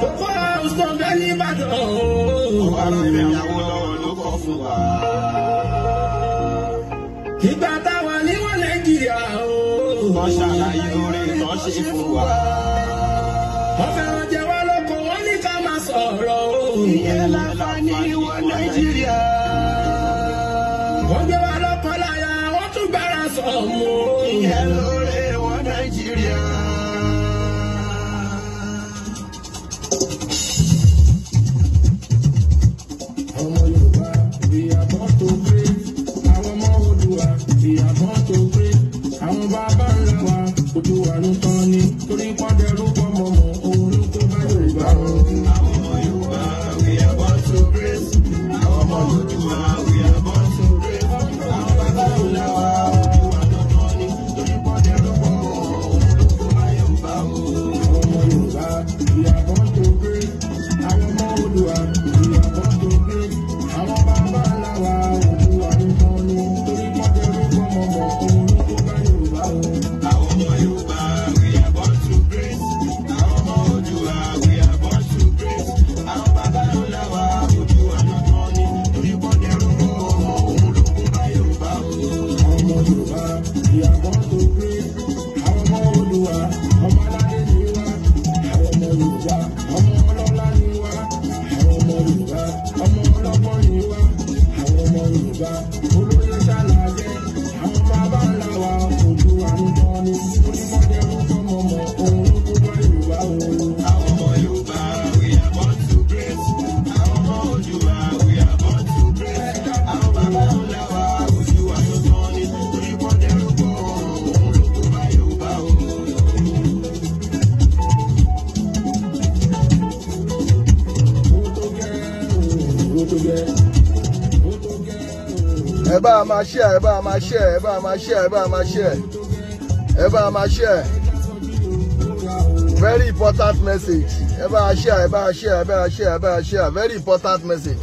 kókó àwùjọ bẹ́ẹ̀ nìbàdàn ooo. àwọn ìyàwó lọ́wọ́ ló kọ́ fún wa. ìgbà táwa níwọ̀n nàìjíríà ooo. wọ́n ṣàlàyé orí ìtàn ṣe fún wa. wọ́n fẹ́ràn jẹ wá lóko wọ́n ní ká máa sọ̀rọ̀ ooo. ìyẹn láfa ní ìwọ nàìjíríà. wọ́n gbé wa lọ́kọ́ láyà wọ́n tún gbára sọ̀mù ooo. ìyẹn lóore wọ nàìjíríà. máa ṣe ẹ bá máa ṣe ẹ bá máa ṣe ẹ bá máa ṣe ẹ bá máa ṣe very important message ẹ bá ṣe ẹ bá ṣe ẹ bá ṣe ẹ very important message.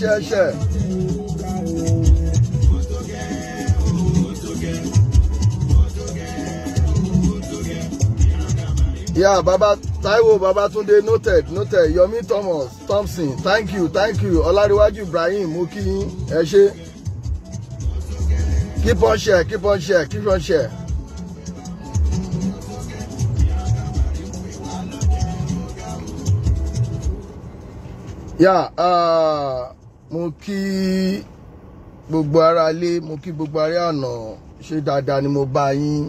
ṣẹ̀ṣẹ̀. Yeah, Baba Taiwo Babatunde noted noted Yomi Thomas Thompson thank you thank you Ọlárẹ̀wájú Ibrahim mo kí yín ẹ ṣé keep on share keep on share keep on share. Yeah, uh, mo kí gbogbo ara lé mo kí gbogbo ara àná ṣé dáadáa ni mo bá yín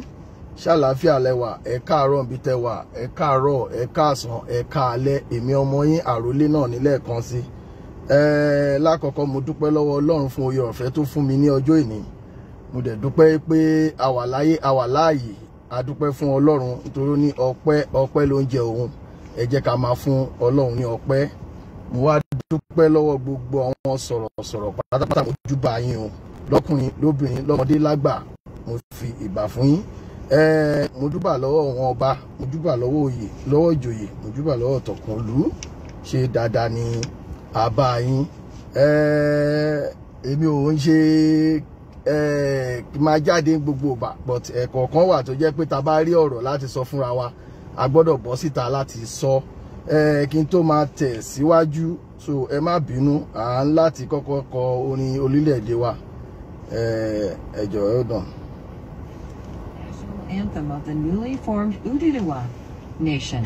ṣàlàáfíà lẹ́wà ẹ káàárọ̀ bí tẹwà ẹ káàárọ̀ ẹ káàsán ẹ káàlẹ́ èmi ọmọ yín àròlé náà nílẹ̀ kan sí lákọ̀ọ́kọ́ mo dúpẹ́ lọ́wọ́ Ọlọ́run fún oyè ọ̀fẹ́ tó fún mi ní ọjọ́ ìní mo dẹ̀ dúpẹ́ pé a wà láyé fún Ọlọ́run nítorí ní ọpẹ́ ọpẹ́ ló ń jẹ òun ẹ jẹ́ ká máa fún Ọlọ́run ní ọpẹ́ mo wá dúpẹ́ lọ́wọ́ gbogbo àwọn sọ̀rọ̀sọ̀rọ̀ pátápátá ojú bá yín o lọ́kùnrin lóbìnrin lọ́mọdé lágbà mo fi ìbà fún yín mo dúbà lọ́wọ́ wọn ọba mo dúbà lọ́wọ́ òye lọ́wọ́ ìjòyè mo dúbà lọ́wọ́ tọ̀kùn lù ú ṣe dáadáa ni àbá yín èmi ò ń ṣe máa jáde gbogbo ìgbà but ẹ̀kọ̀ọ̀kan wà tó jẹ́ pé ta bá rí ọ̀rọ̀ láti sọ fúnra wa a gbọ́dọ̀ bọ́ síta láti sọ. So kí n tó ma tẹ̀ síwájú so ẹ má bínú à ń láti kọ́kọ́ kọ orin orílẹ̀-èdè wa ẹ̀jọ̀ ẹ̀ dàn. Anthem of the newly formed Udidowa Nation.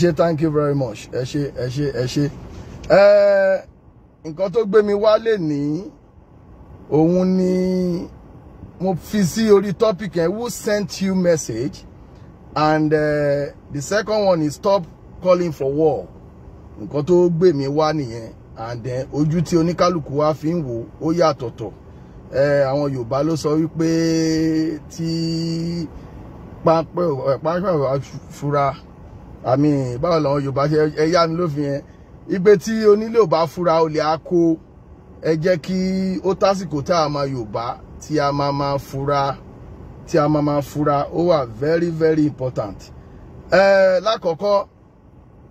ẹ thank you very much ẹ ṣe ẹ ṣe ẹ ṣe ẹ nǹkan tó gbé mi wá ní òun ni mo fi sí orí topic yẹn who sent you message and uh, the second one is stop calling for war nǹkan tó gbé mi wá nìyẹn and then ojú tí oníkálukú wa fi ń wò ó yàtọ̀tọ̀ àwọn Yorùbá ló sọ wípé tí pápẹ́ eh, òfura àmì báwo làwọn yorùbá ṣe ẹyá ni lófin yẹn igbe tí onílé ò bá fura olè á kó ẹ jẹ́ kí ó tásìkò tá a máa yorùbá tí a máa máa fura tí a máa máa fura ó wà very very important. ẹ lákọ̀ọ́kọ́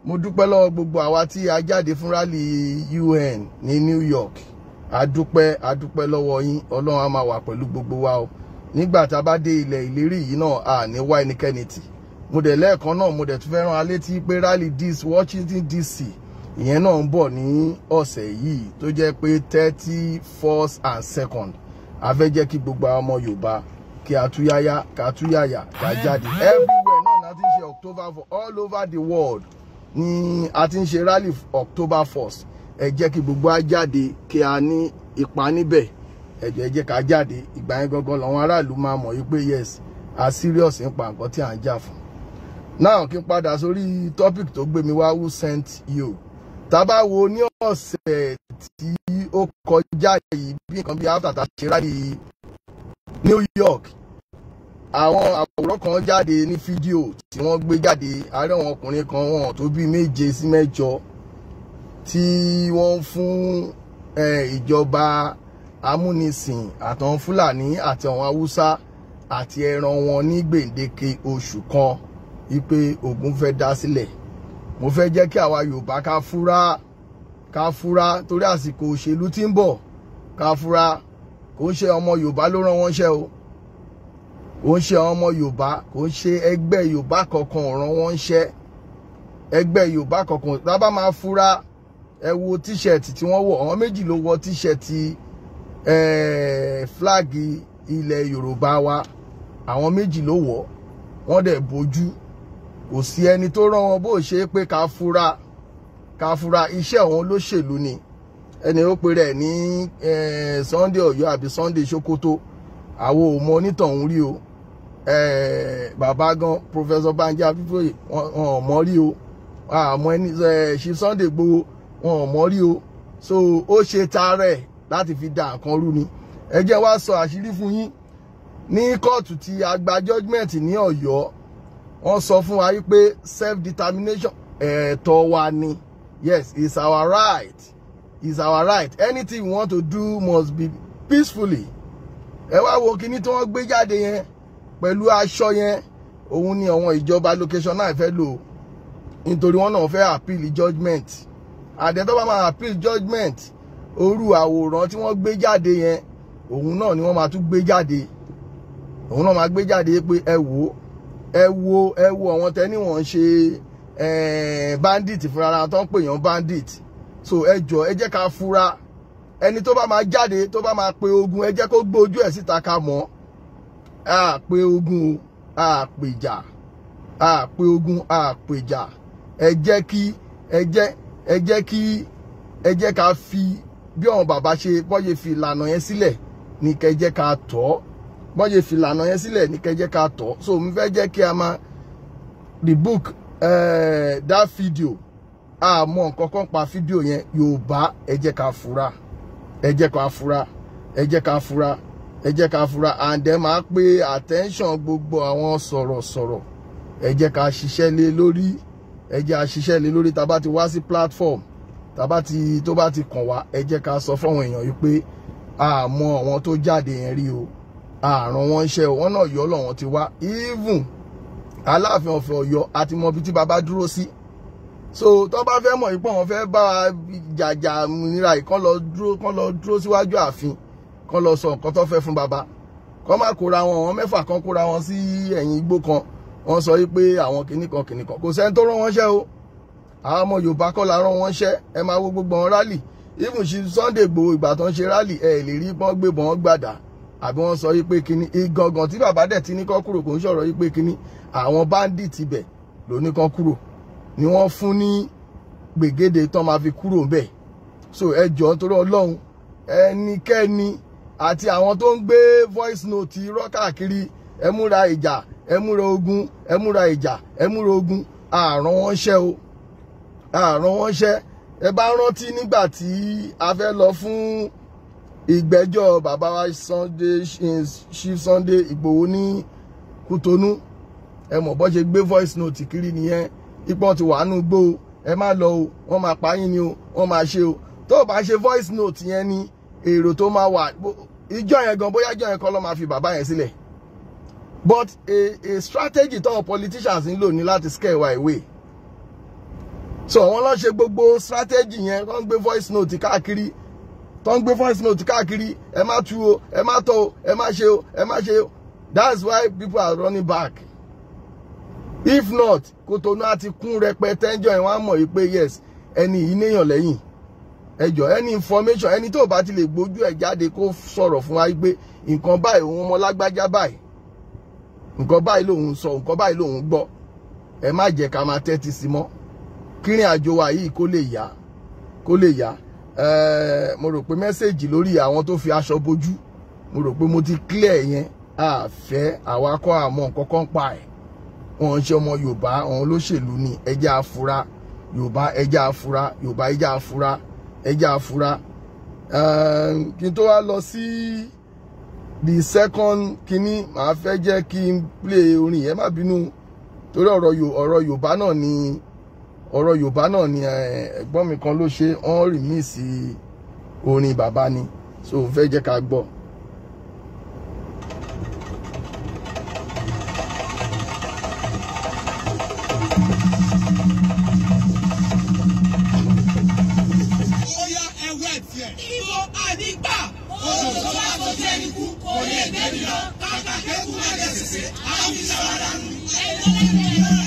mo dúpẹ́ lọ́wọ́ gbogbo àwa tí a jáde fún rálì UN ní New York adúpẹ́ adúpẹ́ lọ́wọ́ yín ọlọ́run á máa wà pẹ̀lú gbogbo wa o nígbà tá a bá dé ilẹ̀ ìlérí yìí náà a ní wá ẹnikẹ́ni tì mo dẹ̀ lẹ́ẹ̀kan náà mo dẹ̀ tún fẹ́ràn alé tí pé rally dis Washington DC ìyẹn náà ń bọ̀ ní ọ̀sẹ̀ yìí tó jẹ́ pé thirty first and second a fẹ́ jẹ́ kí gbogbo àwọn ọmọ Yorùbá kí a túyáyá kí a kí a everywhere náà láti ṣe October for all over the world ni a ti ń ṣe rally October first ẹ jẹ́ kí gbogbo a jáde kí a ní ipa níbẹ̀ ẹ jẹ́ ẹ jẹ́ jáde ìgbà yẹn gangan làwọn aráàlú máa mọ̀ yí pé yes a serious nípa nǹkan tí à ń jà fún now kí n padà sórí topic tó gbé mi wá who sent you tábà wo ní ọ̀sẹ̀ tí ó kọjá yìí bí nǹkan bí after tá a ṣe ráàyè New York àwọn àwòrán kan jáde ní fídíò tí wọ́n gbé jáde àárẹ̀ àwọn ọkùnrin kan wọn tó bí méje sí mẹ́jọ tí wọ́n ń fún ìjọba amúnisìn àtàwọn Fúlàní àti àwọn Haúsá àti ẹran wọn ní gbèǹdéke oṣù kan. Ipe ogun fẹ́ dá sílẹ̀ mo fẹ́ jẹ́ kí àwa Yorùbá ká fura ká fura torí àsìkò òṣèlú tí ń bọ̀ ká fura kò ń ṣe ọmọ Yorùbá ló rán wọn ṣẹ́ o kò ń ṣe ọmọ Yorùbá kò ń ṣe ẹgbẹ́ Yorùbá kankan rán wọn ṣẹ́ ẹgbẹ́ Yorùbá kankan tábà máa fura ẹ wo tíṣẹ̀tì tí wọ́n wọ̀ àwọn méjì ló wọ tíṣẹ̀tì fúláàgì ilẹ̀ Yorùbá wa àwọn méjì ló wọ̀ wọ́n dẹ̀ bójú kò sí ẹni tó rán wọn bó ṣe é pé ká fura ká fura iṣẹ́ òun lóṣèlú ni ẹni ó pe rẹ̀ ní Sunday Ọ̀yọ́ àbí Sunday Sokoto àwo ò mọ onítọ̀hún rí o bàbá gan Professor Banji Akintoye wọn ò mọ rí o àmọ́ ẹni ṣe Sunday Igboho wọn ò mọ rí o so ó ṣe taarẹ̀ láti fi da nǹkan rú ni ẹ jẹ́ wá sọ àṣírí fún yín ní kóòtù tí a gba judgement ní Ọ̀yọ́ wọ́n sọ fún wa wípé self determination Eh, wa ni yes it's our right it's our right anything we want to do must be peacefully ẹ wá wo kíní tí wọ́n gbé jáde yẹn pẹ̀lú aṣọ yẹn òun ni àwọn ìjọba location náà fẹ́ lò nítorí wọ́n náà fẹ́ appeal judgement àdẹ́tọ́ máa appeal judgement orú àwòrán tí wọ́n gbé jáde yẹn òun náà ni wọ́n máa tún gbé jáde òun náà máa gbé jáde pé ẹ wò ó ẹ wo ẹ wo àwọn tẹ́ni wọ́n ń ṣe bandit fúnra tó ń pè yàn bandit so ẹ jọ ẹ jẹ́ ká fura ẹni tó bá máa jáde tó bá máa pe ogun ẹ jẹ́ kó gbójú ẹ̀ síta ká mọ̀ á pe ogun á pèjà á pe ogun á pèjà ẹ jẹ́ kí ẹ jẹ́ ẹ jẹ́ kí ẹ jẹ́ ká fi bí ọ̀hún bàbá ṣe bọ́yẹ̀ fi ìlànà yẹn sílẹ̀ ní kẹjẹ́ ká tọ́ bọ́n ṣe fìlànà yẹn sílẹ̀ ní kẹjẹ́ ká tọ̀ so mo fẹ́ jẹ́ kí a máa rebook eh, that video àmọ́ nǹkan kan pa fídíò yẹn Yorùbá ẹ jẹ́ ká fura ẹ jẹ́ ká fura ẹ jẹ́ ká fura ẹ ká fura and then máa pe attention gbogbo àwọn sọ̀rọ̀sọ̀rọ̀ ẹ jẹ́ ká ṣiṣẹ́ lé lórí ẹ jẹ́ ká ṣiṣẹ́ lé lórí tá a bá ti wá sí platform tá a bá ti tó bá ti kàn wá ẹ jẹ́ ká sọ fún àwọn èèyàn yìí pé àmọ́ àwọn tó jáde yẹn rí o àrùn wọn ṣe wọn náà yọ lọ́wọ́n ti wá even aláàfin ọ̀fẹ́ ọ̀yọ́ àti mọ ibi tí baba dúró sí so tó bá fẹ́ mọ̀ ipò wọn fẹ́ bá jàjà nira yìí kán lọ dúró kán lọ dúró síwájú ààfin kán lọ sọ nǹkan tó fẹ́ fún baba kán má kóra wọn wọn mẹ́fà kan kóra wọn sí ẹ̀yìn igbó kan wọ́n sọ wípé àwọn kìnnìkan kìnnìkan kò sẹ́ni tó rán wọn ṣẹ́ o àwọn ọmọ yorùbá kọ́ la rán wọn ṣẹ́ ẹ máa wo gbogbo wọn rálì even ṣe Sunday Igboho ìgbà tó ń ṣe rálì ẹ lè rí bọ́n gbé bọ́n gbàdá àbí wọ́n sọ yí pé kíní ìgangan tí bàbá dẹ̀ ti ní kọ́ kúrò kò ń sọ̀rọ̀ yí pé kíní àwọn báńdíìtì bẹ̀ ló ní kọ́ kúrò ni wọ́n fún ní gbègede tán máa fi kúrò bẹ̀ so ẹ jọ̀ọ́ torí ọlọ́run ẹnikẹ́ni àti àwọn tó ń gbé voice note irọ́ káàkiri ẹ múra ìjà ẹ múra ogun ẹ múra ìjà ẹ múra ogun àrùn wọn ṣẹ́ o àrùn wọn ṣẹ́ ẹ bá rántí nígbà tí a fẹ́ lọ fún ìgbẹ́jọ́ bàbá Sunday Chief Sunday Ìgbòho ní Kútọ́nù ẹ mọ̀ bọ́ ṣe gbé voice note kiri nìyẹn ipò ti wà nù gbó o ẹ má lọ o wọ́n máa pa yín ni o wọ́n máa ṣe o tó o bá ṣe voice note yẹn ni èrò tó máa wà ìjọ yẹn gan bóyá ìjọ yẹn kọ́ ló máa fi bàbá yẹn sílẹ̀ but a a strategy táwọn politicians ń lò ní láti scare wa away so wọ́n lọ ṣe gbogbo strategy yẹn wọ́n ń gbé voice note káàkiri tó ń gbé voice note káàkiri ẹ má tu o ẹ má tọ o ẹ má ṣe o ẹ má ṣe o that's why people are running back if not Kotonu á ti kún rẹpẹtẹ ẹjọ yẹn wọ́n á mọ̀ pé yes ẹni yìí níyàn lẹ́yìn ẹjọ ẹni information ẹni tó bá ti lè gbójú ẹ̀ jáde kó sọ̀rọ̀ fún wa pé nǹkan báyìí òun ọmọ lágbájá báyìí nǹkan báyìí lòun sọ nǹkan báyìí lòun gbọ́ ẹ má jẹ́ ká máa tẹ́tí sí mọ́ kírin àjò wa yìí kó lè yá kó lè yá mo rò pé mẹ́sẹ̀gì lórí àwọn tó fi aṣọ bojú mo rò pé mo ti clear yẹn àfẹ́ àwakọ̀ àmọ́ nǹkan kan pa ẹ̀ wọn ṣe ọmọ yorùbá àwọn olóṣèlú ni ẹjẹ afura yorùbá ẹjẹ afura yorùbá ẹjẹ afura ẹjẹ afura kí n tó wá lọ sí the second kínní màá fẹ́ jẹ́ kí n play orin yẹn má bínú torí ọ̀rọ̀ yorùbá náà ni ọ̀rọ̀ yorùbá náà ni ẹ̀gbọ́n mi kan ló ṣe wọ́n rìmíìsì orin bàbá ni so fẹ́ jẹ́ ká gbọ́. Kò ní ẹgbẹ́ mi lọ, kàkà kẹ́kù má jẹ́ sèse, àwọn ìṣàwádà nù.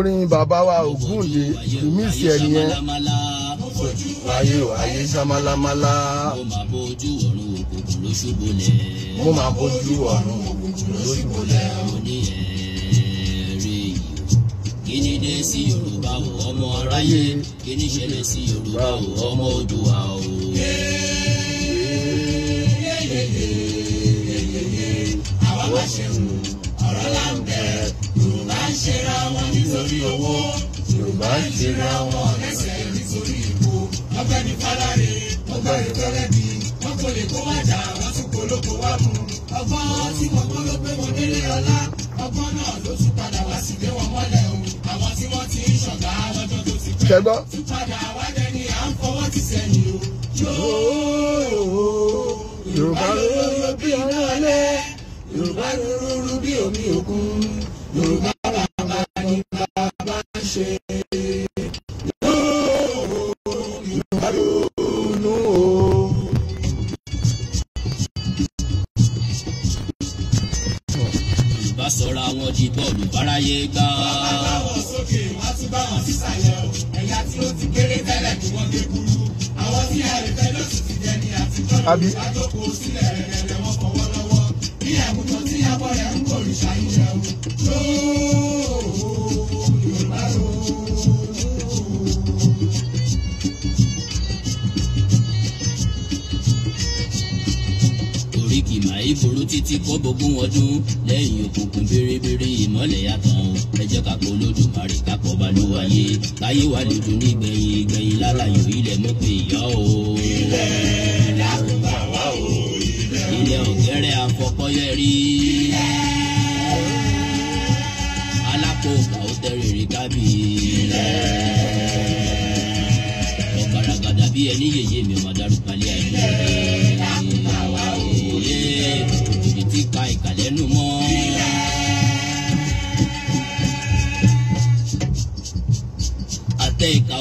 orin bàbá wa Ògúndé ìmísì ẹ̀ nìyẹn ayé ayé samalamala mo máa bójú ọ̀run òkùnkùn lóṣùbọ̀lẹ̀ mo máa bójú ọ̀run òkùnkùn lóṣùbọ̀lẹ̀ òní ẹ̀rí kíni dé sí Yorùbá o ọmọ aráyé kíni ṣẹlẹ̀ sí Yorùbá o ọmọ Oòduà o. àwa máa ṣe wò. lówó yorùbá ń ṣera wọn nítorí ìbò ọ̀gbẹ́ni fálárì ọgbà ìgbẹrẹ bí wọn kò lè kó má jà wọn tún polówó wá mú ọgbọ́n tí wọn gbọ́ ló gbé wọn délé ọlá ọgbọ́n náà ló tún padà wá sí gbé wọn mọ́lẹ̀ o àwọn tí wọ́n ti ń ṣọ̀gá lọ́jọ́ tó ti pẹ́ tún padà wá dẹni à ń fọwọ́ ti sẹ́yìn o yorùbá lóró bí bí omi òkun. kóbogún ọdún lẹ́yìn òkùnkùn bèrèbèrè ìmọ́lẹ̀ yàtọ̀ o ẹ jẹ́ ká kó lódùmarè kápọ̀ bá ló wáyé láyé wà lódùn ní gbẹ̀yìn gbẹ̀yìn lálàyò ilẹ̀ mọ́ pé ìyá o. ilẹ̀ dàkúgbà wá o ilẹ̀ o. ilẹ̀ ọ̀gẹ́rẹ́ afọkọ́yẹ́ rí. ilẹ̀ alákòókà ó tẹ́rẹ̀ rí kábì. ilẹ̀ ọ̀kàràgàdà bí ẹni yèyé mi máa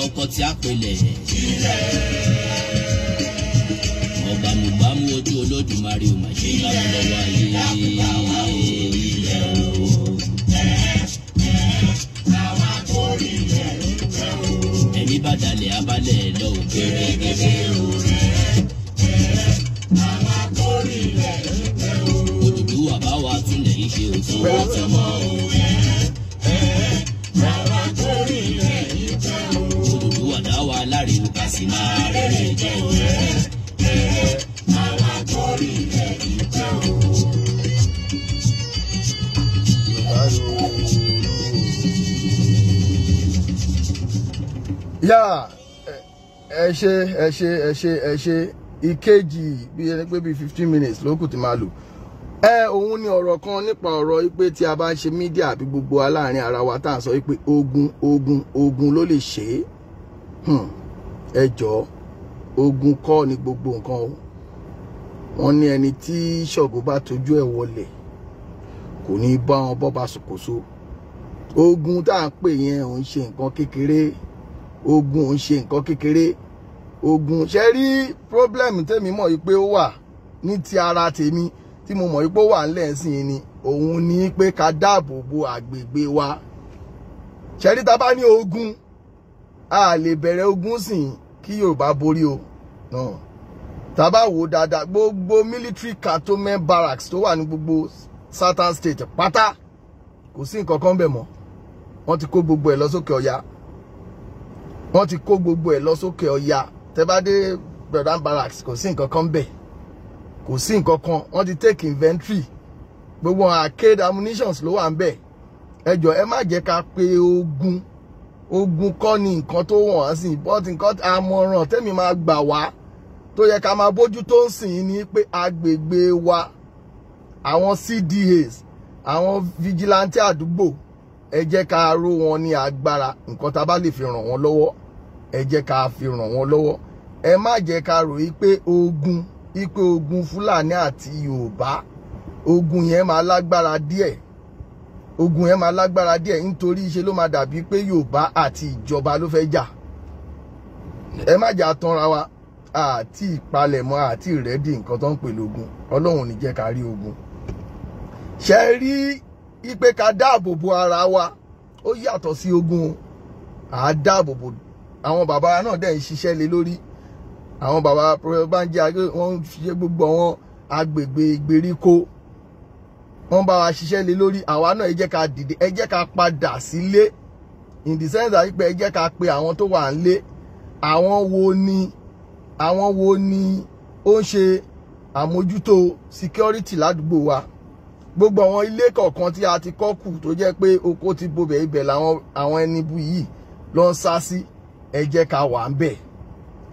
ẹ̀kọ́ tí a pèlè. ọ̀gbàmùgbàmù ojú olódùmarè ò mà ṣe bá mi lọ́wọ́ ayé. ẹni bá dalẹ̀ abalẹ̀ lọ òkèrè gẹ́gẹ́ òní. Òdùdú àbáwá tún lè ṣe òtún wọ́n tẹ̀ mọ́ òun. yá ẹ ṣe ẹ ṣe ẹ ṣe ẹ ṣe ìkejì bí ẹni pé bíi fifteen minutes ló kù tí máa lò ẹ òun ni ọ̀rọ̀ kan nípa ọ̀rọ̀ wípé tí a bá ń ṣe mídíà àbí gbogbo aláàárín ara wa tá à ń sọ wípé ogun ogun ogun ló lè ṣe é hmm. ẹ jọ ogun kọ́ ni gbogbo nǹkan o wọ́n ní ẹni tí ṣọ̀gbọ́n bá tójú ẹ̀ wọlé kò ní bá wọn bọ́ bá ṣòkòṣo ogun tá à ń pè yẹn òun ṣe nǹkan kékeré ogun ò ń ṣe nǹkan kékeré ogun ṣe rí problem tèmi mọ̀ pé ó wà ní ti ara tèmi tí mo mọ̀ pé ó wà ńlẹ̀ sí ni òun ni pé ká dáàbò bo àgbègbè wa ṣe rí ta ní ogun a lè bẹ̀rẹ̀ ogun sìn kí Yorùbá borí o náà tá bá wò dáadáa gbogbo military cantonment barracks tó wà ní gbogbo southern state pátá kò sí nǹkan kan bẹ̀ mọ́ wọ́n ti kó gbogbo ẹ̀ lọ sókè ọ̀yà wọ́n ti kó gbogbo ẹ̀ lọ sókè ọya tẹ́ bá dé brother barracks kò sí nǹkan kan bẹ̀ kò sí nǹkan kan wọ́n ti take inventory gbogbo arcade ammunitions ló wà ń bẹ̀ ẹ jọ̀ọ́ ẹ má jẹ́ ká pe ogun ogun kọ́ ni nǹkan tó wọ̀n á sìn but nǹkan àmọ̀ràn tẹ́mi máa gbà wá tó yẹ ká máa bójú tó ń sìn ní pé agbègbè wa àwọn CDAs àwọn vigilante àdúgbò ẹ jẹ́ ká ró wọn ní agbára nǹkan tá a bá lè fi ràn wọ́n lọ́wọ́ ẹ jẹ́ ká fi ràn wọ́n lọ́wọ́ ẹ má jẹ́ ká rò pé ogun pé ogun Fúlàní àti Yorùbá ogun yẹn máa lágbára díẹ̀ ogun yẹn máa lágbára díẹ̀ nítorí ṣe ló máa dàbí pé Yorùbá àti ìjọba ló fẹ́ jà ẹ má jà tanra wa àti ìpalẹ̀mọ́ àti ìrẹ́dì nǹkan tó ń pè lógun Ọlọ́run ní jẹ́ ká rí ogun ṣe rí ipe ká dáàbò bo ara wa ó yàtọ̀ sí ogun à á dáàbò bo àwọn bàbá náà dẹ̀ ń ṣiṣẹ́ lé lórí àwọn bàbá Banji Agbe wọ́n ń ṣiṣẹ́ gbogbo àwọn agbègbè ìgbèríko wọ́n bá wa ṣiṣẹ́ lé lórí àwa náà ẹ jẹ́ ká dìde ẹ jẹ́ ká padà sílé in the sense that pé ẹ jẹ́ ká pe àwọn tó wà nílé àwọn wo ni àwọn wo ni ó ń ṣe àmójútó security ládùúgbò wa gbogbo àwọn ilé kọ̀ọ̀kan tí a ti kọ́ kù tó jẹ́ pé oko ti bobẹ̀ ibẹ̀ làwọn àwọn ẹni bu yìí ló sá sí. Si ẹ jẹ́ ká wà ń bẹ̀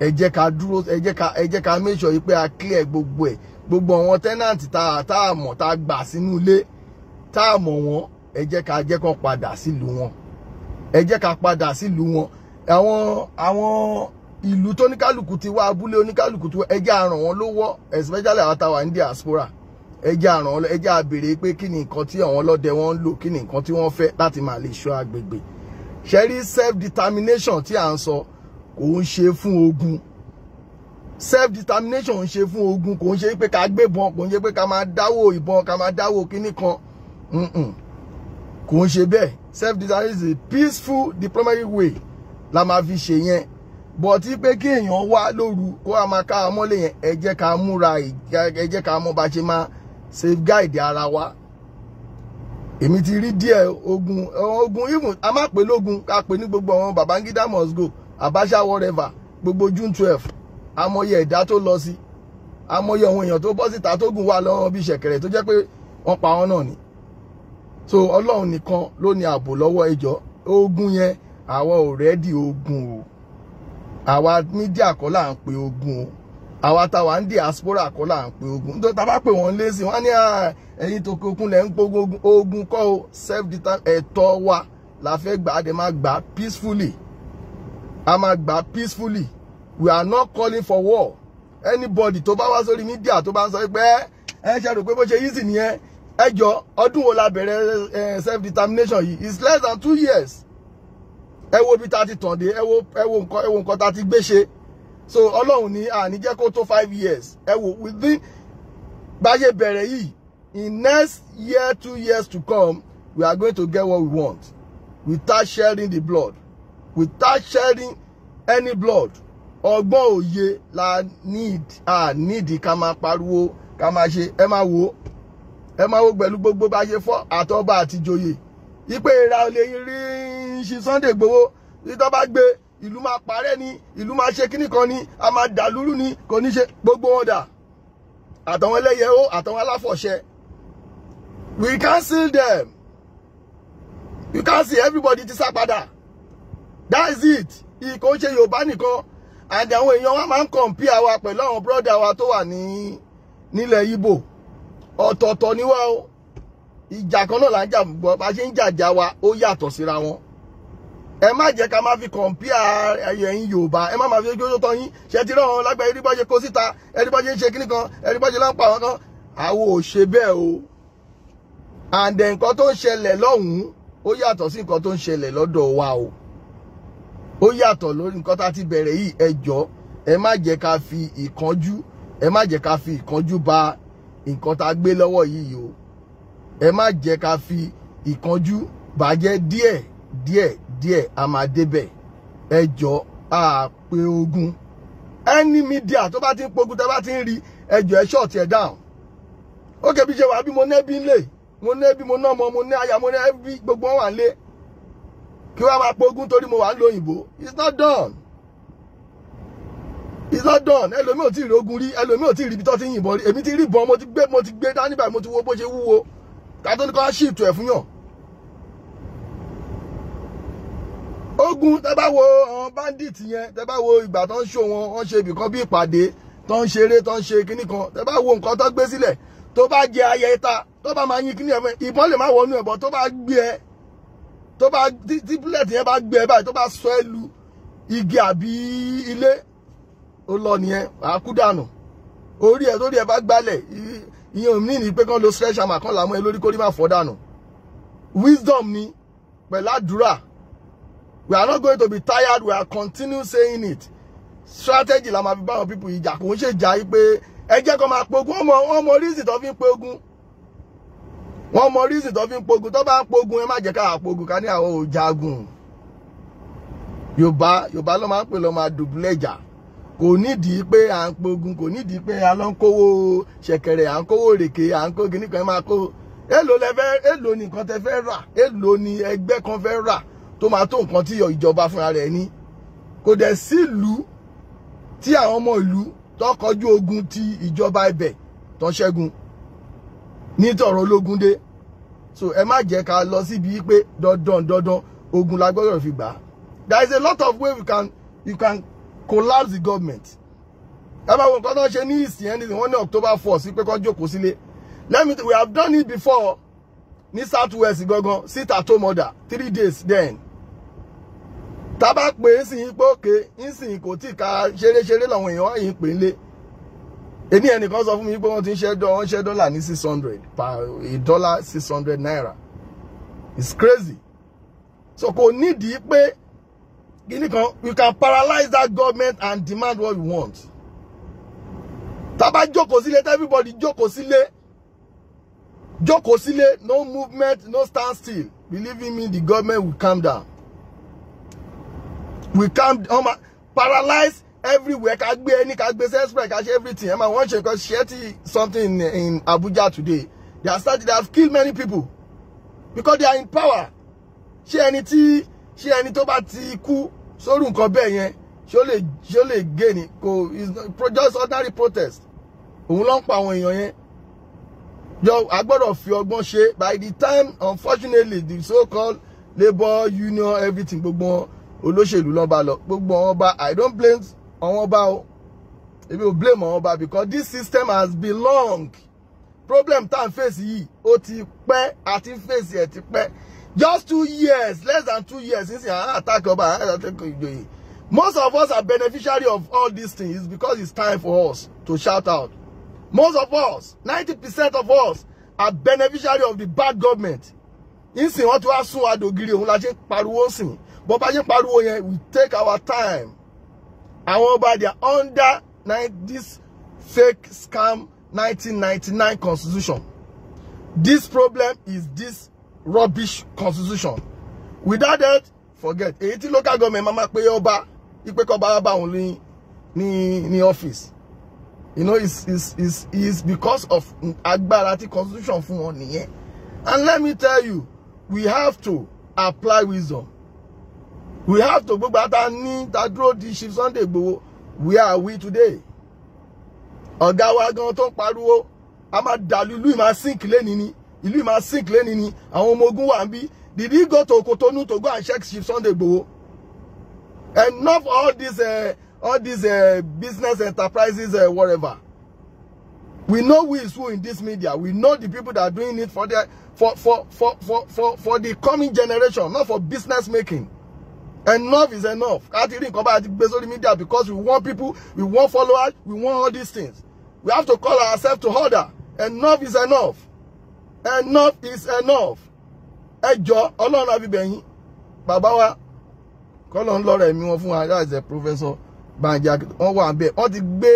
ẹ jẹ́ ká dúró ẹ jẹ́ ká ẹ jẹ́ ká make sure pé a clear gbogbo ẹ̀ gbogbo àwọn tenant tá a tá a mọ̀ tá a gbà sínú ilé tá a mọ̀ wọ́n ẹ jẹ́ ká jẹ́ kán padà sílùú wọn ẹ jẹ́ ká padà sílùú wọn àwọn àwọn ìlú tó oníkálùkù ti wá abúlé oníkálùkù ti ẹ jẹ́ á ràn wọ́n especially àwọn táwa ní diaspora ẹ jẹ́ á ràn wọ́n ẹ jẹ́ á béèrè pé kí ni nǹkan tí àwọn ọlọ́dẹ wọn ń lò kí ni nǹkan tí wọ́n fẹ́ láti máa lè ṣọ́ agbègbè ṣẹ́rí self-determination tí à ń sọ kò ń ṣe fún ogun self-determination ń ṣe fún ogun kò ń ṣe pé ká gbébọn kò ń ṣe pé ká máa dáwọ́ ìbọn ká máa dáwọ́ kínní kan kò ń ṣe bẹ́ẹ̀ self-determination is a peaceful diplomatic way la máa fi ṣe yẹn bọ̀tí pé kí èèyàn wá lóru kó a máa ká a mọ́lé yẹn ẹ jẹ́ ká múra ẹ jẹ́ ká mọ̀ bá ṣe máa safeguard ara wa èmi ti rí díẹ̀ ogun ogun even a máa pè lógun a pè ní gbogbo àwọn Babangida must go Abacha whatever gbogbo June twelve amọye ẹ̀dá tó lọ sí amọye àwọn èèyàn tó bọ́ síta tó gùn wà lọ́wọ́ bíi ṣẹ̀kẹ̀rẹ̀ tó jẹ́ pé wọ́n pa wọn náà ni so Ọlọ́run nìkan ló ní ààbò lọ́wọ́ ẹjọ́ ogun yẹn àwa ò rẹ́dì ogun o àwa mídíà kọ́ là ń pe ogun o àwa táwa ń diaspora kọ́ là ń pe ogun tó tábà pé wọ́n lé sí wọ́n ní ẹ̀yin tó kokun lẹ́ ń pogun ogun kọ́ o self determination ẹ̀tọ́ wa la fẹ́ gbà á dẹ̀ máa gbà á peacefully a máa gbà á peacefully we are not calling for war anybody tó bá wá sórí media tó bá ń sọ pé ẹ ṣe rò pé bó ṣe easy nìyẹn ẹ jọ ọdún wo la bẹ̀rẹ̀ self determination yìí it's less than two years ẹ wo ibi tá a ti tàn dé ẹ wo nǹkan tá ti gbé ṣe so ọlọ́run ní àní jẹ́ kó tó five years ẹ wò within báyé bẹ̀rẹ̀ yìí in next year two years to come we are going to get what we want without sharing the blood without sharing any blood ọgbọ́n òye la need a need ká máa pariwo ká máa ṣe ẹ máa wò ó ẹ máa wò pẹ̀lú gbogbo bá ṣe fọ́ àtọ́ba àtijọ́yè ipe ìra olè rí ṣi Sunday Igboho tí tó bá gbé ìlú máa parẹ́ ni ìlú máa ṣe kíní kan ni a máa dàlúrú ni kò ní ṣe gbogbo wọn dà àtàwọn ẹlẹ́yẹ ó àtàwọn aláfọ̀ṣẹ we cancel them you can see everybody ti sá padà that's it ìkó ṣe Yorùbá nìkan and àwọn èèyàn wa máa ń compare wa pẹ̀lú àwọn brọ́dà wa tó wà ní nílẹ̀ Ìgbò ọ̀tọ̀ọ̀tọ̀ ni wá o ìjà kan náà là ń jà bá ṣe ń jàjà wa ó yàtọ̀ síra wọn ẹ má jẹ́ ká má fi kọ̀ǹpíà ẹ̀yìn yorùbá ẹ má má fi ojú tó yín ṣe ti rán lágbàá ẹni bọ́jẹ kó síta ẹni bọ́jẹ ń ṣe kíní kan ẹni bọ́jẹ ló ń pa àwọn kan àwọn ò ṣe bẹ́ẹ̀ o àǹdẹ̀ nǹkan tó ń ṣẹlẹ̀ lọ́hùn-ún ó yàtọ̀ sí nǹkan tó ń ṣẹlẹ̀ lọ́dọ̀ wa o ó yàtọ̀ lórí nǹkan tá a ti bẹ̀rẹ̀ yìí ẹ jọ ẹ má jẹ́ ká fi ìkánjú ẹ má jẹ́ ká fi ìkánjú ba nǹkan tá a gbé lọ́wọ́ yìí o ẹ má jẹ́ ká fi ìkánjú bàjẹ́ díẹ̀ díẹ̀ díẹ̀ a máa débẹ̀ ẹ jọ a pe ogun ẹni mídíà tó bá ti ń pogun tó bá ti ń rí ẹ jọ ẹ ṣọ́ọ̀tì ẹ̀ dáhùn ó kẹ́bi ṣe wà bí mo nẹ́bí ńlẹ̀ mo nẹ́bí mo náà mọ mo ní aya mo ní ẹbí gbogbo wọn wà ńlẹ̀ kí wọ́n máa pogun torí mo wà ń lo òyìnbó it's not done it's not done ẹlòmí ò tí ì rogun rí ẹlòmí ò tí ì ríbi tó ti ń yìnbọn rí èmi ti rí ìbọn mo ti gbé mo ti gbé dání báyìí mo ti wo bó ṣe wúwo ká tó ní kó wá ṣìtò ẹ̀ fún yàn ogun tẹ́ wo bandit yẹn tẹ́ wo ìgbà tó ń ṣó wọn wọ́n ṣe ibìkan bí ìpàdé tó ń ṣeré tó ń ṣe kinní kan tẹ́ wo nǹkan tó gbé sílẹ̀ tó bá jẹ ayẹyẹ ta tó bá máa yín kinní ẹ̀fọn ìbọn lè má wọnú ẹ̀bọ tó bá gbé ẹ tó bá tí búlẹ̀tì yẹn bá gbé ẹ báyìí tó bá sọ ẹ lu igi àbí ilé ó lọ nìyẹn àkúdànù orí ẹ tó ẹ bá gbálẹ̀ ìyẹn ò ní ní pé kán lo stretch hammer kán làmú ẹ lórí kórìí má fọ́ dànù wisdom ni pẹ̀lú àdúrà we are not going to be tired we are continue saying it strategy la ma bi bawo people ìjà kò ń ṣe jà yìí pé ẹ jẹ́ kó pogun ọmọ wọn mọ reason tó fi ń pogun wọn mọ reason tó fi ń pogun tó bá ń pogun ẹ má jẹ́ ká pogun ká ní àwọn ò jagun yorùbá yorùbá ló máa ń pè lọ́ máa ko kò nídìí pé à ń pogun kò nídìí pé a lọ ń kówó ṣẹ̀kẹ̀rẹ̀ à ń kówó rèké à ń kó kíní kan máa kó èlò lẹ fẹ́ èlò nìkan tẹ fẹ́ ni egbe kan fe ra. tó máa tó nǹkan tí ìjọba fúnra rẹ̀ ní kò dẹ̀ sílùú tí àwọn ọmọ ìlú tó kọjú ogun ti ìjọba ibẹ̀ tó ṣẹ́gun nítọ̀rọ̀ ológun dé so ẹ má jẹ́ ká lọ síbi pé dandan dandan ogun la gbọ́dọ̀ fi gbà á there is a lot of way we can you can collapse the government ẹ bá wo nǹkan tó ń ṣe ní ìsìn ẹni wọ́n ní October four sí pé kó jókòó sílé let me we have done it before ní south west gangan sit at home order three days then tábà pé ń sìn pé òkè ń sìn kò tí ka ṣeréṣeré làwọn èèyàn wáyé pè ń lé èmi ẹnìkan sọ fún mi pé wọ́n ti ń ṣe dọ́là ní six hundred per a dollar six hundred naira it's crazy so kò nídìí pé kíní kan you can paralyse that government and demand what you want tábà jókòó sílé everybody jókòó sílé jókòó sílé no movement no stand still believe in me the government will calm down we calm down oh ma paralyze everywhere ká gbé ẹni ká gbé sexpress ká ṣe everything ẹ máa wọ́n ṣe nǹkan ṣẹ́tì something in, in Abuja today they have started they have killed many people because they are in power ṣé ẹni tí ṣé ẹni tó bá ti kú sórí nǹkan bẹ́ẹ̀ yẹn ṣé ó lè ṣé ó lè gé ni kò is just ordinary protest òun ló ń pa àwọn èèyàn yẹn yọ a gbọ́dọ̀ fi ọgbọ́n ṣe by the time unfortunately the so-called labour union everything gbogbo wọn olóṣèlú lọ́n bá lọ gbogbo àwọn ọba i don't blame àwọn ọba o èmi ò blame àwọn ọba because this system has been long problem tá à ń fèsì yìí ó ti pẹ́ àti fèsì ẹ̀ ti pẹ́ just two years less than two years since àwọn attack ọba àwọn attack ìjòyè most of us are beneficiary of all these things because it's time for us to shout out most of us ninety percent of us are beneficiary of the bad government nsìn wọn ti wá sún adògiri òun la ṣe pariwo sìn But by the pariwo we take our time àwọn ọba they are under this fake scam 1999 constitution this problem is this rubbish constitution without that forget èyí local government máa pe ọba ipe kọba ọba òun ní ní ní office you know it's it's it's it's because of Agbarati constitution fún wọn and let me tell you we have to apply wisdom we have to gbogbo ata ní ta dúró di Chief Sunday Igboho where are we today ọ̀gá wa gan tó ń pariwo a máa dàlú ìlú ìmá sink lẹ́ni ni ìlú ìmá sink lẹ́ni ni àwọn ọmọ ogun wà ń bí did he go to Kotonu to go and check Chief Sunday Igboho enough all these uh, all these uh, business enterprises uh, whatever we know who is who in this media we know the people that are doing it for their for for for for for, for the coming generation not for business making enough is enough ká ti rí nǹkan bá ti gbé sórí media because we want people we want followers we want all these things we have to call ourselves to order enough is enough enough is enough ẹ jọ ọlọ́run àbíbẹ̀yìn bàbá wa kọ́lọ́n lọ́rọ̀ ẹ̀mí wọn fún wa that is the professor Banji Akíntóyè wọ́n wà bẹ́ẹ̀ wọ́n ti gbé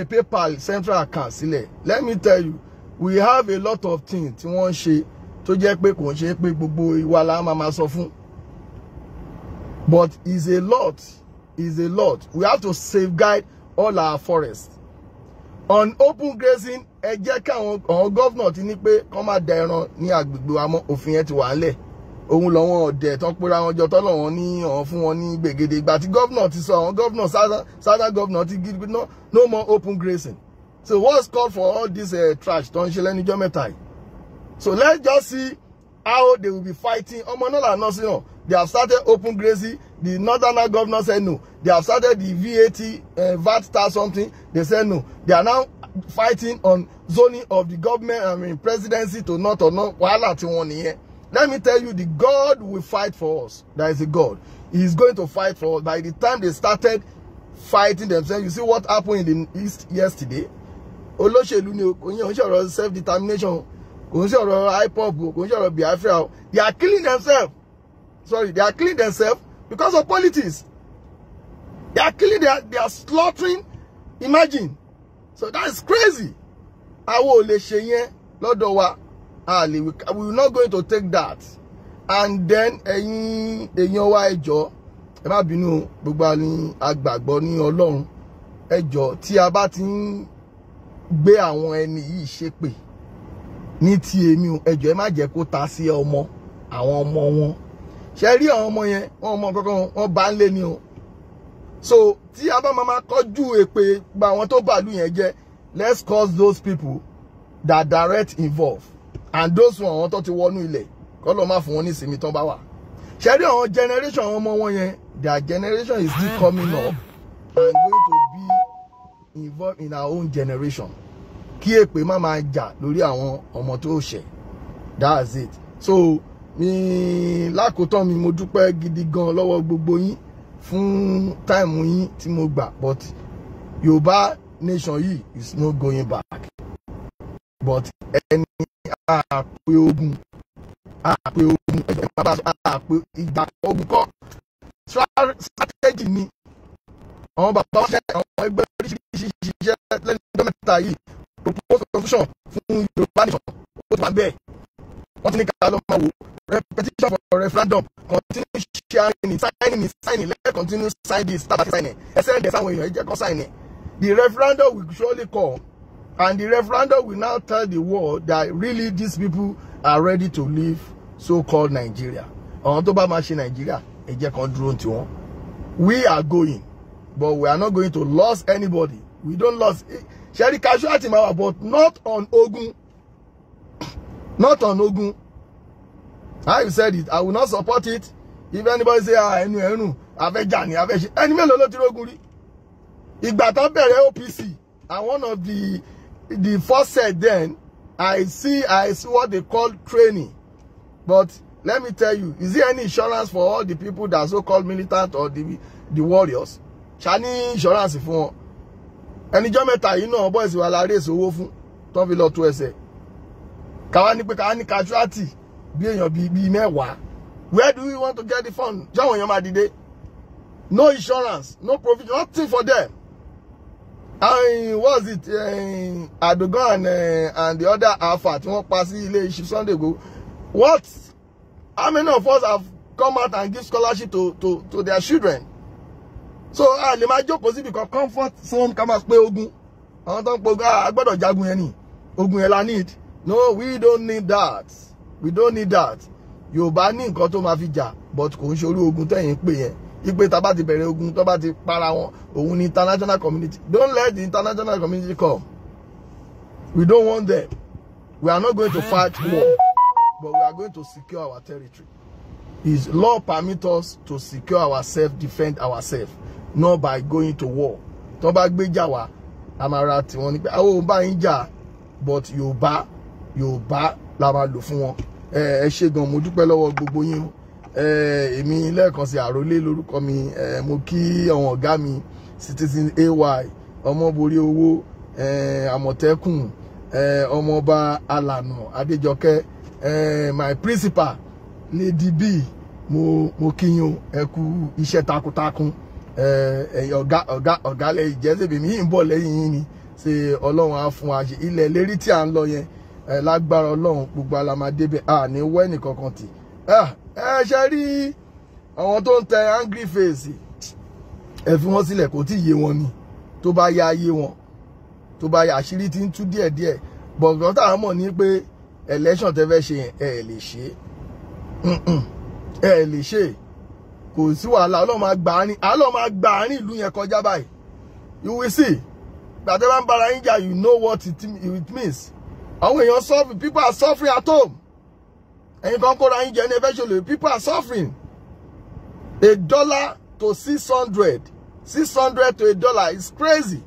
a PayPal central account sílẹ̀ let me tell you we have a lot of things tí wọ́n ń ṣe tó jẹ́ pé kò ń ṣe pé gbogbo ìwà la máa sọ fún But it's a lot. It's a lot. We have to safeguard all our forests. On open grazing, a jẹ́ káwọn àwọn gọ́vnà ti ní pé kán máa da ẹran ní agbègbè wa mọ́ òfin yẹn ti wà ńlẹ̀. Òun lọ́wọ́n ọ̀dẹ̀ tán pera wọn jọ tọ́lọ̀ wọn ní ọ̀hún southern gọ́vnà ti gidi no, no more open grazing. So what's called for all this uh, trash Don't you ṣe lẹ́nu jọ́ So let's just see how they will be fighting. Ọmọ náà là no. nọ́ sí They have started open grazing. The northern governor said no. They have started the VAT, uh, eh, VAT star something. They said no. They are now fighting on zoning of the government, I mean presidency to not or not. Wahala ti wọn nìyẹn. Let me tell you, the God will fight for us. There is a God. He is going to fight for us. By the time they started fighting themselves, you see what happened in the East yesterday? Olóṣèlú ni kò ń self-determination, kò ń ṣe ọ̀rọ̀ IPOB, They are killing themselves sorry, they are killing themselves because of politics. They are killing, they are, they are slaughtering. Imagine. So that is crazy. we, we are not going to take that. And then, ẹ̀yin èèyàn wa ẹ jọ̀ọ́. Ẹ má bínú gbogbo àní agbàgbọ́ ní Ọlọ́run. Ẹ jọ̀ọ́ tí a bá ti ń gbé àwọn ẹni yìí ṣépè ní ti èmi ṣe rí àwọn ọmọ yẹn wọn ọmọ kankan wọn bá ń lé ni o so tí a kọjú èpè gba àwọn tó bàálù yẹn jẹ let's cause those people that direct involve and those one àwọn tó ti wọnú ilẹ̀ kọ́ ló má fún wọn ní ìsinmi tán bá wà ṣe rí àwọn generation àwọn ọmọ wọn yẹn their generation is still coming up and going to be involved in our own generation kí èpè má máa jà lórí àwọn ọmọ tó ṣẹ̀ that's it so mi lákòótán mi mo dúpẹ́ gidi gan lọ́wọ́ gbogbo yín fún táìmù yín tí mo gbà but Yorùbá nation yìí is no going back but ẹni àpè ogun àpè ogun ẹgbẹ́ bàbá àpè ìgbà ogun kọ́ strategy ni àwọn bàbá wọn ṣe àwọn ẹgbẹ́ oríṣiríṣi ṣiṣẹ́ lẹ́nu ọjọ́ mẹ́ta yìí propose constitution fún Yorùbá nation ó ti wà bẹ́ẹ̀ wọ́n ti ní ká lọ wò repetition for referendum continue sharing it signing it signing Let's continue sign this tàbí sign it ẹ sẹ́yìn dẹ̀ sáwọn èèyàn jẹ́ kó sign it the referendum will surely come and the referendum will now tell the world that really these people are ready to leave so-called Nigeria àwọn tó bá máa ṣe Nigeria ẹ jẹ́ kó dúró tiwọn we are going but we are not going to lose anybody we don't lose ṣe rí casualty ma wà but not on ogun not on Ogun. I've said it. I will not support it. If anybody say, ah, ẹnu ẹnu, afẹ́jà ni, afẹ́ṣe. Ẹni mélòó ló ti rógun rí. Ìgbà tó bẹ̀rẹ̀ OPC, and one of the, the first said then, I see, I see what they call training. But let me tell you, is there any insurance for all the people that so-called militant or the, the warriors? Ṣá insurance fún wọn. Ẹnijọ́ you know, náà, boys wà la raise owó fún, tó fi lọ tú káwa ní pé káwa ní casualty bí èèyàn bíi bíi mẹ́wàá where do we want to get the fund jáwọn èèyàn máa dìde no insurance no provision nothing for them and what's it uh, Adogan and, eh, and the other alpha tí wọ́n pa sí ilé iṣẹ́ Sunday Igboho what how many of us have come out and give scholarship to to to their children so a lè máa jókòó síbi kan comfort zone ká máa pé ogun àwọn tó ń pogun a jagun yẹn ni ogun yẹn la need no we don't need that we don't need that yorùbá ní nǹkan tó máa fi jà but kò ń ṣorú ogun tẹ̀yìn pé yẹn ipe tá bá ti bẹ̀rẹ̀ ogun tó bá ti para wọn òun ni international community don't let the international community come we don't want them we are not going to fight war but we are going to secure our territory Is law permit us to secure ourselves defend ourselves not by going to war tó bá gbéjà wá amara tiwọn ni pé àwọn ò bá yín jà but yorùbá yorùbá la máa lò fún wọn ẹ ṣé gan mo dúpẹ́ lọ́wọ́ gbogbo yín o èmi lẹ́ẹ̀kan sí àròlé lórúkọ mi mo kí àwọn ọ̀gá mi citizen ay ọmọborí owó àmọ̀tẹ́kùn ọmọọba alànà adéjọkẹ́ my principal ní db mo mo kí yín o ẹ kú iṣẹ́ takuntakun ọ̀gá ọ̀gá ọ̀gá lẹ́yìn jẹ́sẹ̀bẹ̀mí yìí ń bọ̀ lẹ́yìn yín ni ṣe ọlọ́run á fún wa ṣe ilẹ̀ lérí tí à ń lọ yẹn ẹ lágbára ọlọ́run gbogbo alamadébẹ̀ à ní wẹ́ẹ̀nì kankan tì ẹ ṣe rí àwọn tó ń tẹ angry face ẹ fi wọ́n sílẹ̀ kò tí ì yé wọn ni tó bá yá ayé wọn tó bá yá àṣírí ti ń tú díẹ̀díẹ̀ bọ̀gàn tá a mọ̀ ní pé election tẹ fẹ́ ṣe yẹn ẹ lè ṣe ẹ lè ṣe kò sí wàhálà ọlọ́run máa gbà á ní ọlọ́run máa gbà ní ìlú yẹn kọjá báyìí you will see gbàtẹ́ bá ń bára yín jà you know what it, it means àwọn èèyàn suffering people are suffering at home ẹ̀yin kan kóra yín jẹ ní eventually people are suffering a dollar to six hundred six hundred to a dollar is crazy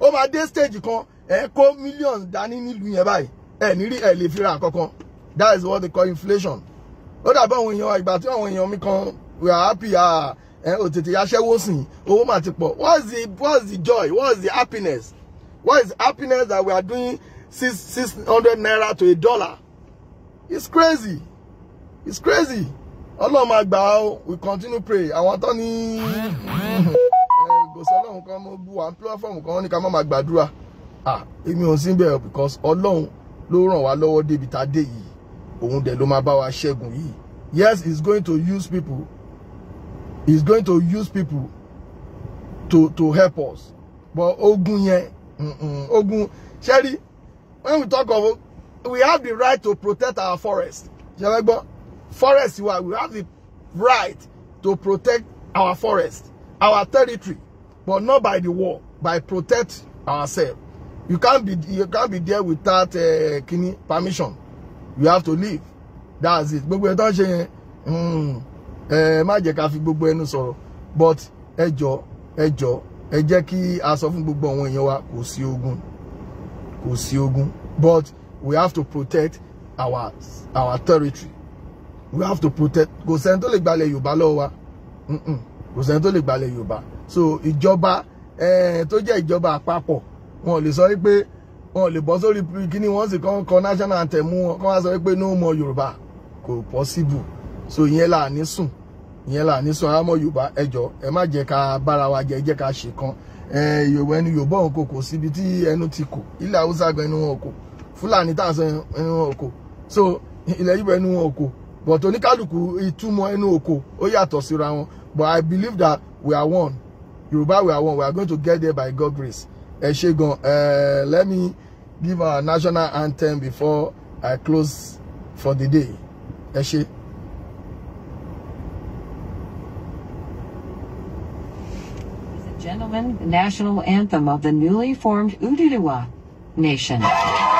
ó máa dé stage kan ẹ̀ kó millions dání nílùú yẹn báyìí ẹ̀ ní rí ẹ̀ lè fi ra kankan that is what they call inflation ó dàbí àwọn èèyàn ìgbà tí àwọn èèyàn mi kan we are happy ah, ẹ̀ ò tètè yaṣẹ́wó sìn owó mà ti pọ̀ what is the what is the joy what is the happiness what is the happiness that we are doing six hundred naira to a dollar it's crazy it's crazy Allah máa gbà we continue pray I want ní gbèsè ọlọ́run kan mo bu one platform kan wọ́n ní ká má ah èmi ò sí bẹ́ẹ̀ because Allah, ló ràn wá lọ́wọ́ débi tá a dé yìí òun dẹ̀ ló máa bá wa ṣẹ́gun yìí yes he's going to use people he's going to use people to to help us but ogun yẹn ogun ṣẹ́rí when we talk of we have the right to protect our forest ṣẹlẹgbọ forest are. we have the right to protect our forest our territory but not by the war by protect ourselves you can't be you can't be there without uh, kini permission you have to leave that's it gbogbo ẹ tó ń ṣe yẹn hmm, ẹ má jẹ́ ká fi gbogbo ẹnu sọ̀rọ̀ but ejo ejo ẹ jọ ẹ jẹ́ kí a gbogbo àwọn èèyàn wa kò sí ogun kò but we have to protect our our territory we have to protect Go send to lè gbalẹ̀ yorùbá lọ́wọ́ wa Go send to lè gbalẹ̀ yorùbá so ìjọba eh, tó jẹ́ ìjọba àpapọ̀ wọn ò lè sọ wípé wọn ò lè bọ́ sórí kíní wọn sì kàn kọ national anthem wọn kàn wá sọ wípé no more Yuba. Go possible so yela là ní ìyẹn là ní sọ àmọ́ yorùbá ẹ ẹ má jẹ́ ká bára wa jẹ jẹ́ ká ṣe kan yorùbá ẹnu yorùbá òun kò síbi tí ẹnu ti kò ilẹ̀ haúsá gan ẹnu wọn kò fúlàní tá à ń sọ ẹnu wọn kò so ilẹ̀ yorùbá ẹnu wọn kò but oníkálùkù ìtumọ̀ ẹnu òkò ó yàtọ̀ síra wọn but i believe that we are one yorùbá we are one we are going to get there by god grace ẹ ṣe gan let me give our national anthem before i close for the day ẹ ṣe. gentlemen, national anthem of the newly formed Ududuwa Nation.